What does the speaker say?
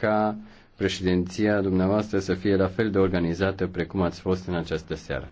ca președinția dumneavoastră să fie la fel de organizată precum ați fost în această seară.